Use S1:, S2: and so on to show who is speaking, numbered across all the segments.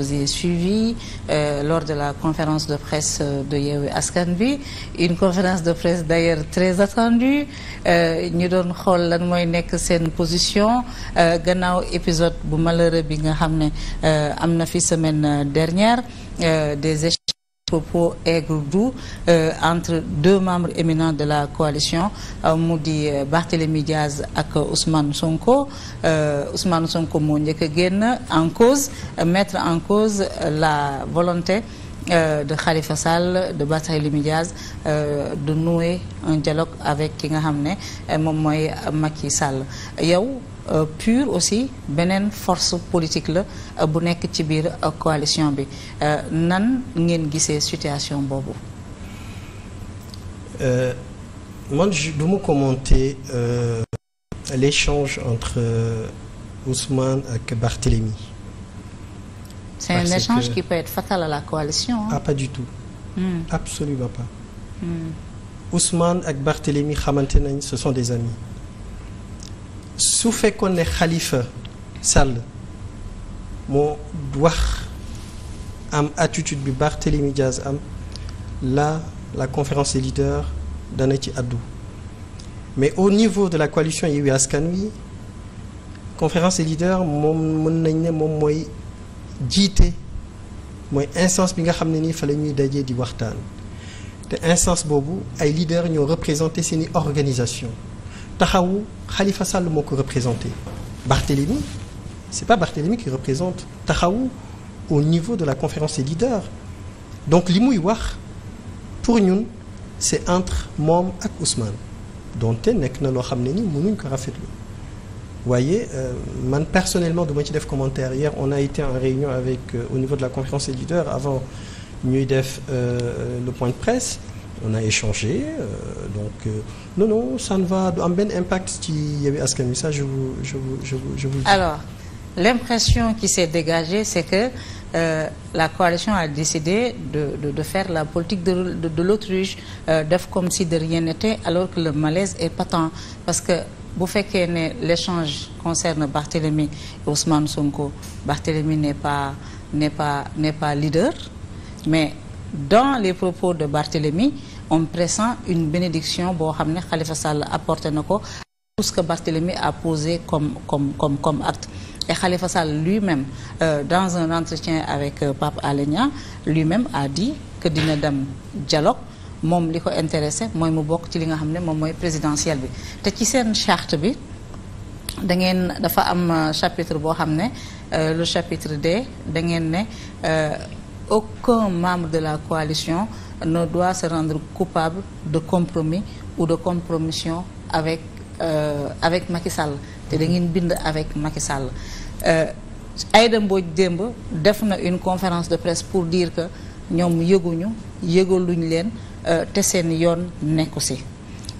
S1: vous ai euh, lors de la conférence de presse euh, de Yewwi Askan Wi une conférence de presse d'ailleurs très attendue euh, ñu doon xool lan mooy nekk seen position gannaaw épisode bu malheureux bi nga xam ne am na fi semaine dernière propos aigre doux euh, entre deux membres éminents de la coalition euh, mu di euh, Barthélémy Diaz ak Ousmane Sonko euh, Ousmane Sonko moo njëkk a génn en cause euh, mettre en cause la volonté de Khalifa Sall de Barthélémy Diaz de nouer un dialogue avec ki nga xam ne moom mooy Macky Sall yow Euh, PUR aussi beneen force politique la euh, bu nekk ci biir euh, coalition bi nan ngeen gisee situation boobu.
S2: Euh, man je du ma commenter euh, l'échange entre Ousmane ak Barthélémy. C'est un échange qui peut
S1: être fatal à la coalition. Hein? Ah pas du tout. Mm.
S2: ak Barthélémy xamante nañ ce sont des amis. su fekkoon ne Khalifa Sall moo wax am attitude bi Barthélemy Diaz am la la conférence des leaders dana ci addu mais au niveau de la coalition Yewwi Askan Wi conférence des leaders moom mën nañ ne moom mooy jiite mooy instance bi nga xam ne nii fa la ñuy dajee di waxtaan te instance boobu ay leaders ñoo représenté seeni organisation taxawu Khalifa Sall moo ko représenté Barthélemy c'est pas Barthélemy qui représente taxawu au niveau de la conférence des donc li muy wax pour ñun c'est entre moom ak Ousmane donte nekk na loo xam ne ni mënuñ ko rafetlu waaye euh, man personnellement duma ci def commentaire hier on a été en réunion avec euh, au niveau de la conférence des avant ñuy def euh, le point de presse on a échangé euh, donc euh, non ci Yewwi Askan Wi ça je vous je vous je vous je vous dis.
S1: l'impression qui s'est dégagée c'est que euh, la coalition a décidé de de de faire la politique de de, de l'autruche euh, def comme si de rien n'était alors que le malaise est patent parce que bu fekkee ne l'échange concerne Barthélemy et Ousmane Sonko Barthélemy n'est pas n'est pas n'est pas leader mais dans les propos de Barthélemy on pressent une bénédiction boo xam ne xalifa Sall apporté na ko tout ce que Barthélemy a posé comme comme comme comme acte et xalifa Sall lui-même euh, dans un entretien avec euh, Pape Alé Niang lui-même a dit que dina dem dialogue moom li ko intéressé mooy mu bokk ci li nga xam ne moom mooy présidentiel bi te ci seen chart bi da ngeen dafa am euh, chapitre boo xam ne euh, le chapitre D da ngeen ne euh, aucun membre de la coalition ne doit se rendre coupable de compromis ou de compromission avec euh, avec Macky Sall te da ngeen bind avec Macky Sall euh, Aïda Mbodj démb def na une conférence de presse pour dire que ñoom yëguñu yëgaluñ leen euh, te seen yoon nekku si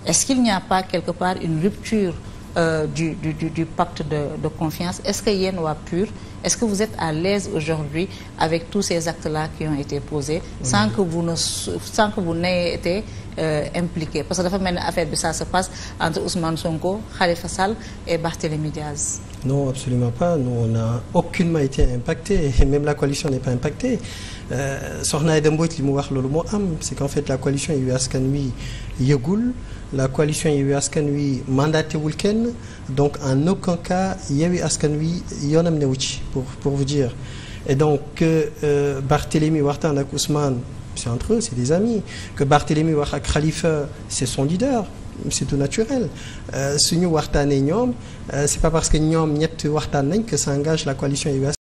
S1: est-ce qu'il n'y a pas quelque part une rupture euh, du, du, du, du, pacte de, de confiance. Est-ce que Yen Wa Pur, est-ce que vous êtes à l'aise aujourd'hui avec tous ces actes-là qui ont été posés oui. sans mhm. que vous ne, sans que vous n'ayez été euh, impliqué Parce que la affaire ça se passe entre Ousmane Sonko, Khalifa Sall et Barthélémy Diaz.
S2: Non, absolument pas. Nous, on n'a aucunement été impacté. Et même la coalition n'est pas impactée. Euh, Soxna Aïda Mbodj li mu wax loolu moo am c'est qu'en fait la coalition Yewwi Askan Wi yëgul la coalition Yewwi Askan Wi mandaté wul kenn donc en aucun cas Yewwi Askan Wi yoonam newu ci pour pour vous dire et donc euh, Barthélémy waxtaan ak Ousmane c'est entre eux c'est des amis que Barthélémy wax ak Khalifa c'est son leader c'est tout naturel euh, suñu waxtaanee ñoom euh, c'est pas parce que ñoom ñett waxtaan nañ que s'engage la coalition